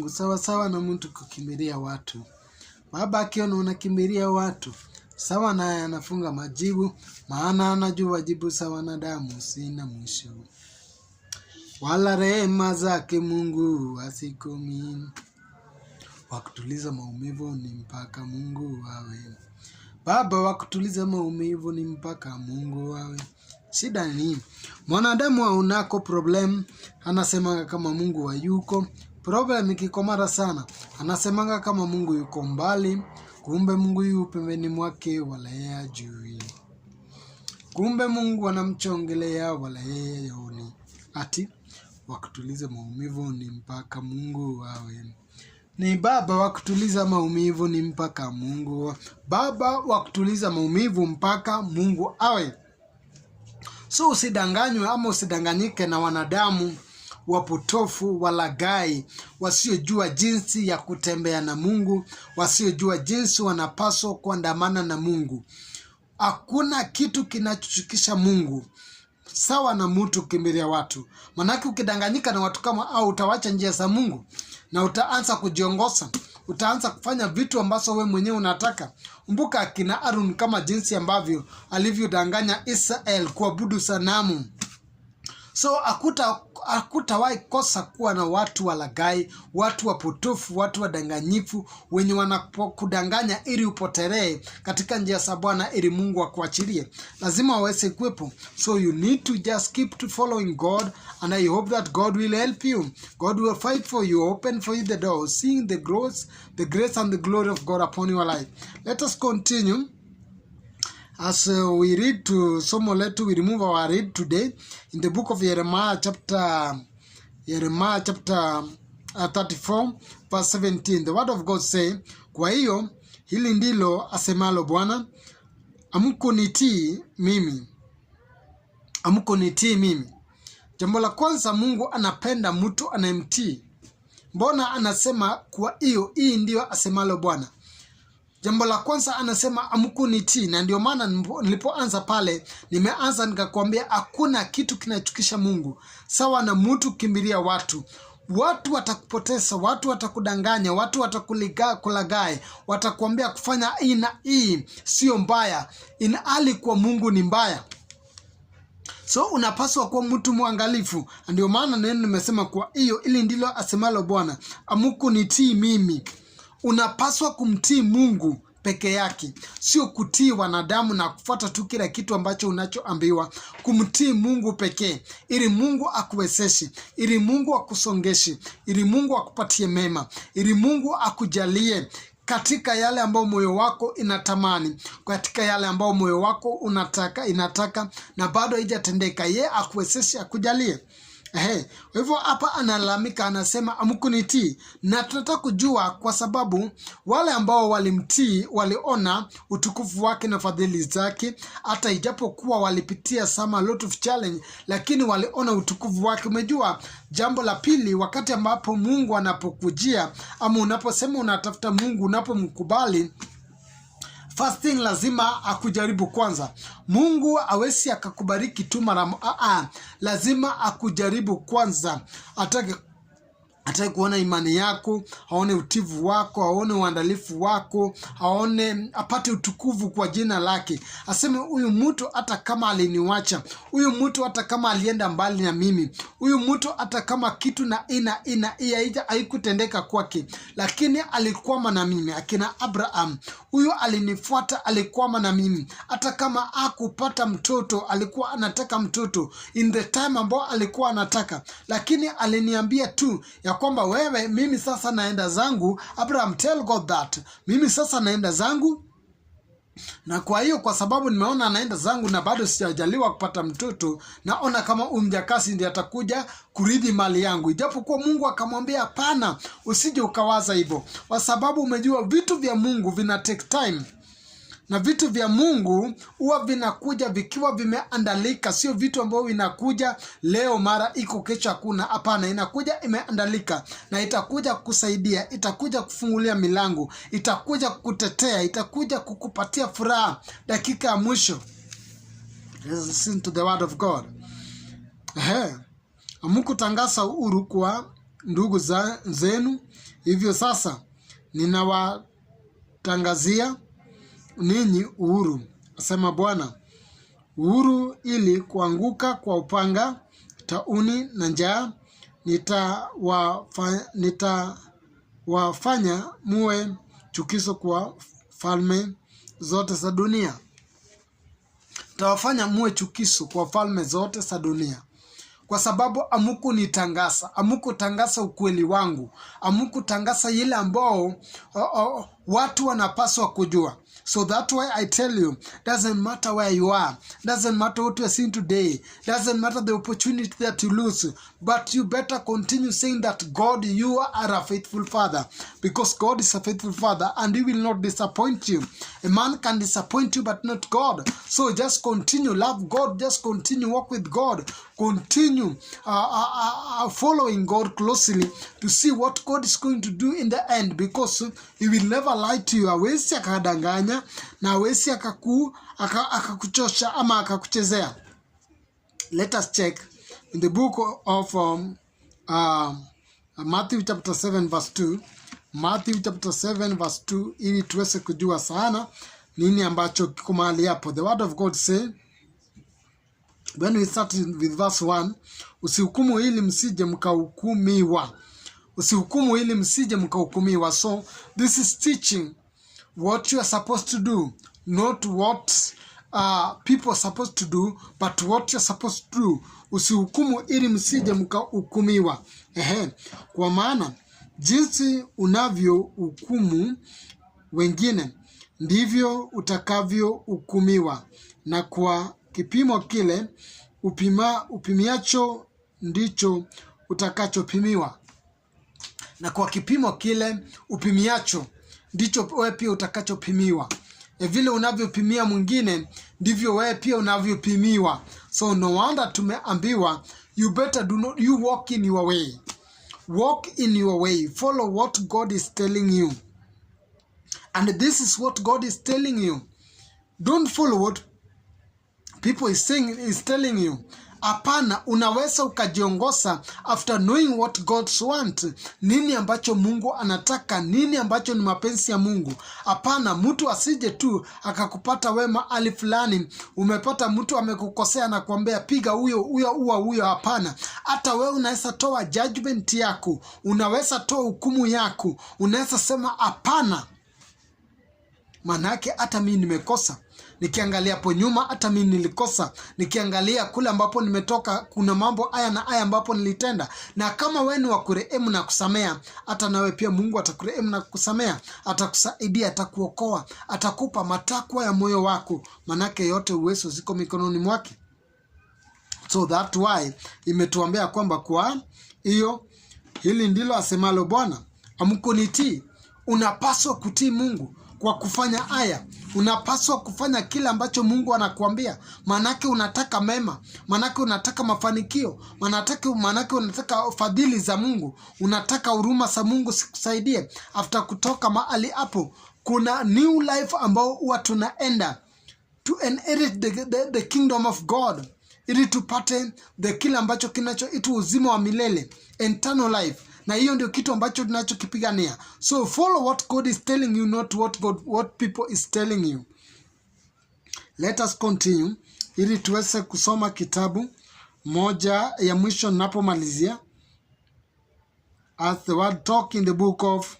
Mungu sawasawa na mtu kukimbilia watu. Baba akiona unakimbilia watu sawa, naye anafunga majibu, maana anajua wajibu sawa wanadamu sina mwisho, wala rehema zake Mungu hazikomi. Wakutuliza maumivu ni mpaka Mungu wawe Baba wakutuliza maumivu ni mpaka Mungu wawe. Shida ni mwanadamu aunako problem, anasema kama Mungu hayuko, Problem mara sana, anasemanga kama Mungu yuko mbali, kumbe Mungu yu pembeni mwake, wala yeye ajui. Kumbe Mungu anamchongelea, wala yeye yaoni. Ati wakutulize maumivu ni mpaka Mungu awe ni baba wa kutuliza maumivu ni mpaka Mungu baba wa kutuliza maumivu mpaka Mungu awe. So usidanganywe ama usidanganyike na wanadamu wapotofu, walagai, wasiojua jinsi ya kutembea na Mungu, wasiojua jinsi wanapaswa kuandamana na Mungu. Hakuna kitu kinachochukisha Mungu sawa na mtu kimbilia watu, manake ukidanganyika na watu kama au, utawacha njia za Mungu na utaanza kujiongoza, utaanza kufanya vitu ambazo we mwenyewe unataka. Kumbuka akina Harun, kama jinsi ambavyo alivyodanganya Israel kuabudu sanamu. So hakutawahi kosa kuwa na watu walagai, watu wapotofu, watu wadanganyifu wenye wanakudanganya ili upotelee katika njia za Bwana ili Mungu akuachilie. Lazima waweze kuwepo. So you need to just keep to following God and I hope that God will help you. God will fight for you, open for you the door, seeing the growth, the grace and the glory of God upon your life. Let us continue. As uh, we read to somo letu, we remove our read today in the book of Jeremiah chapter Jeremiah chapter 34 uh, verse 17. The word of God say, kwa hiyo hili ndilo asemalo Bwana, amkunitii mimi, amkunitii mimi. Jambo la kwanza, Mungu anapenda mtu anayemtii. Mbona anasema kwa hiyo, hii ndiyo asemalo Bwana? Jambo la kwanza anasema amkunitii, na ndio maana nilipoanza pale, nimeanza nikakwambia hakuna kitu kinachukisha Mungu sawa na mtu kimbilia watu. Watu watakupoteza, watu watakudanganya, watu watakulagae watakuambia kufanya hii na hii sio mbaya, inali kwa Mungu ni mbaya. So unapaswa kuwa mtu mwangalifu. Ndio maana neno nimesema, kwa hiyo ili ndilo asemalo Bwana, amkunitii mimi. Unapaswa kumtii Mungu peke yake, sio kutii wanadamu na kufuata tu kila kitu ambacho unachoambiwa. Kumtii Mungu pekee, ili Mungu akuwezeshe, ili Mungu akusongeshe, ili Mungu akupatie mema, ili Mungu akujalie katika yale ambayo moyo wako inatamani, katika yale ambayo moyo wako unataka inataka na bado haijatendeka, ye akuwezeshe, akujalie. Ehe, kwa hivyo hapa analalamika, anasema amkunitii. Na tunataka kujua kwa sababu wale ambao walimtii waliona utukufu wake na fadhili zake, hata ijapokuwa walipitia some a lot of challenge, lakini waliona utukufu wake. Umejua jambo la pili, wakati ambapo Mungu anapokujia ama unaposema unatafuta Mungu, unapomkubali fasting lazima akujaribu kwanza. Mungu awesi akakubariki tu mara, ah, ah. lazima akujaribu kwanza, atake Hataki kuona imani yako, aone utivu wako, aone uandalifu wako, aone apate utukufu kwa jina lake. Aseme huyu mtu hata kama aliniwacha, huyu mtu hata kama alienda mbali na mimi, huyu mtu hata kama kitu na ina ina haija haikutendeka kwake, lakini alikwama na mimi. Akina Abraham, huyu alinifuata, alikwama na mimi, hata kama akupata mtoto, alikuwa anataka mtoto in the time ambao alikuwa anataka, lakini aliniambia tu ya ya kwamba wewe, mimi sasa naenda zangu. Abraham, tell God that mimi sasa naenda zangu na kwa hiyo kwa sababu nimeona anaenda zangu na bado sijajaliwa kupata mtoto, naona kama umjakasi ndiye atakuja kurithi mali yangu. Ijapokuwa Mungu akamwambia hapana, usije ukawaza hivyo, kwa sababu umejua vitu vya Mungu vina take time na vitu vya Mungu huwa vinakuja vikiwa vimeandalika, sio vitu ambavyo vinakuja leo mara iko kesho hakuna. Hapana, inakuja imeandalika, na itakuja kusaidia itakuja kufungulia milango, itakuja kukutetea, itakuja kukupatia furaha dakika ya mwisho. Listen to the word of God. Ehe, hamkutangaza uhuru kwa ndugu za zenu, hivyo sasa ninawatangazia ninyi uhuru, asema Bwana, uhuru ili kuanguka kwa upanga, tauni na njaa. Nitawafanya nita muwe chukizo kwa falme zote za dunia, tawafanya muwe chukizo kwa falme zote za dunia kwa sababu amuku tangasa ukweli wangu, amuku tangasa ile ambao o, o, watu wanapaswa kujua. So that why I tell you, doesn't matter where you are, doesn't matter what are seeing today, doesn't matter the opportunity that you lose, but you better continue saying that God, you are a faithful father, because God is a faithful father and he will not disappoint you. A man can disappoint you, but not God. So just continue, love God, just continue, walk with God, continue uh, uh, uh, uh, following God closely to see what God is going to do in the end because he will never lie to you. awesi akadanganya na awesi akaku akakuchosha ama akakuchezea. Let us check in the book of um, uh, Matthew chapter 7 verse 2. Matthew chapter 7 verse 2 ili tuweze kujua sana nini ambacho kiko mahali hapo. The word of God say when we start with verse 1 usihukumu ili msije mkahukumiwa usihukumu ili msije mkahukumiwa so this is teaching what you are supposed to do not what uh, people are supposed to do but what you are supposed to do usihukumu ili msije mkahukumiwa ehe kwa maana jinsi unavyohukumu wengine ndivyo utakavyohukumiwa na kwa Kipimo kile upima, upimiacho ndicho utakachopimiwa, na kwa kipimo kile upimiacho ndicho wewe pia utakachopimiwa. E, vile unavyopimia mwingine ndivyo wewe pia unavyopimiwa. So no wonder tumeambiwa you better do not, you walk in your way, walk in your way, follow what God is telling you, and this is what God is telling you. Don't follow what people is saying is telling you Hapana, unaweza ukajiongoza after knowing what God want, nini ambacho Mungu anataka, nini ambacho ni mapenzi ya Mungu. Hapana, mtu asije tu akakupata wema mahali fulani, umepata mtu amekukosea na kuambia piga huyo huyo ua huyo. Hapana, hata wewe unaweza toa judgment yako, unaweza toa hukumu yako, unaweza sema hapana, yake hata mimi nimekosa Nikiangalia hapo nyuma, hata mimi nilikosa. Nikiangalia kule ambapo nimetoka, kuna mambo haya na haya ambapo nilitenda, na kama wewe ni wa kurehemu na kusamea, hata nawe pia Mungu atakurehemu na kusamea atakusaidia, atakuokoa, atakupa matakwa ya moyo wako, manake yote uwezo ziko mikononi mwake. So that why imetuambia kwamba kwa hiyo hili ndilo asemalo Bwana, hamkunitii. Unapaswa kutii Mungu kwa kufanya haya. Unapaswa kufanya kile ambacho Mungu anakuambia, maanake unataka mema, maanake unataka mafanikio, maanake unataka fadhili za Mungu, unataka huruma za Mungu sikusaidie. After kutoka mahali hapo, kuna new life ambao huwa tunaenda to inherit the, the, the kingdom of God, ili tupate the kile ambacho kinachoitwa uzima wa milele, eternal life na hiyo ndio kitu ambacho tunachokipigania. So follow what God is telling you, not what God, what people is telling you. Let us continue ili tuweze kusoma kitabu moja ya mwisho ninapomalizia, as the word talk in the book of,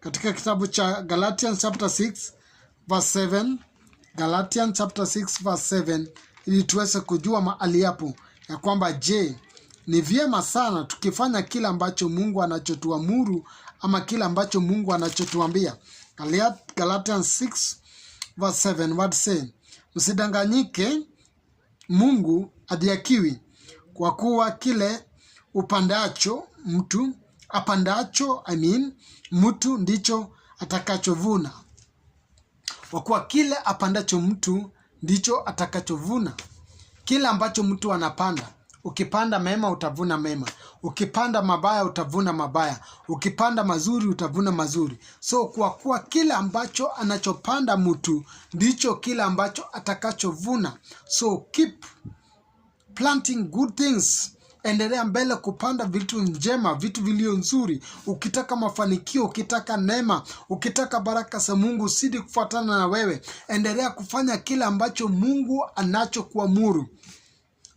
katika kitabu cha Galatians chapter 6 verse 7, Galatians chapter 6 verse 7, ili tuweze kujua mahali hapo ya kwamba je ni vyema sana tukifanya kile ambacho Mungu anachotuamuru ama kile ambacho Mungu anachotuambia. Galatians 6 verse 7 what say, msidanganyike, Mungu adhiakiwi, kwa kuwa kile upandacho mtu apandacho I mean, mtu ndicho atakachovuna, kwa kuwa kile apandacho mtu ndicho atakachovuna. Kile ambacho mtu anapanda Ukipanda mema utavuna mema, ukipanda mabaya utavuna mabaya, ukipanda mazuri utavuna mazuri. So kwa kuwa kile ambacho anachopanda mtu ndicho kile ambacho atakachovuna. So keep planting good things Endelea mbele kupanda vitu njema, vitu vilio nzuri. Ukitaka mafanikio, ukitaka neema, ukitaka baraka za Mungu usidi kufuatana na wewe. Endelea kufanya kile ambacho Mungu anachokuamuru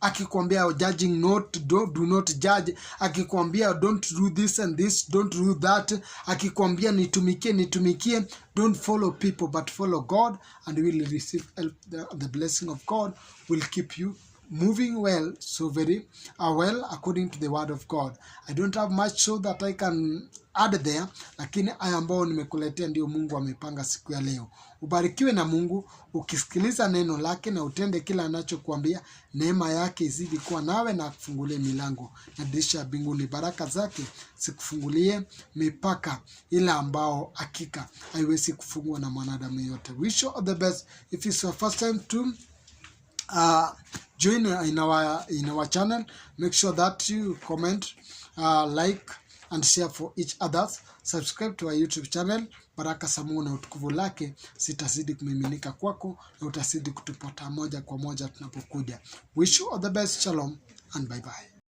akikwambia judging not do, do not judge, akikwambia don't do this and this, don't do that, akikwambia nitumikie nitumikie, don't follow people but follow God and will receive help. The, the blessing of God will keep you moving well, so very uh, well according to the word of God. I don't have much so that I can add there, lakini haya ambayo nimekuletea ndio Mungu amepanga siku ya leo. Ubarikiwe na Mungu ukisikiliza neno lake na utende kila anachokuambia. Neema yake izidi kuwa nawe na akufungulie milango na dirisha ya mbinguni. Baraka zake sikufungulie mipaka, ila ambao hakika haiwezi kufungwa na mwanadamu yote. Wish you all the best if it's your first time to uh, join in our in our channel make sure that you comment uh, like and share for each others subscribe to our youtube channel baraka samuo na utukufu lake sitazidi kumiminika kwako na utazidi kutupata moja kwa moja tunapokuja wish you all the best shalom and bye bye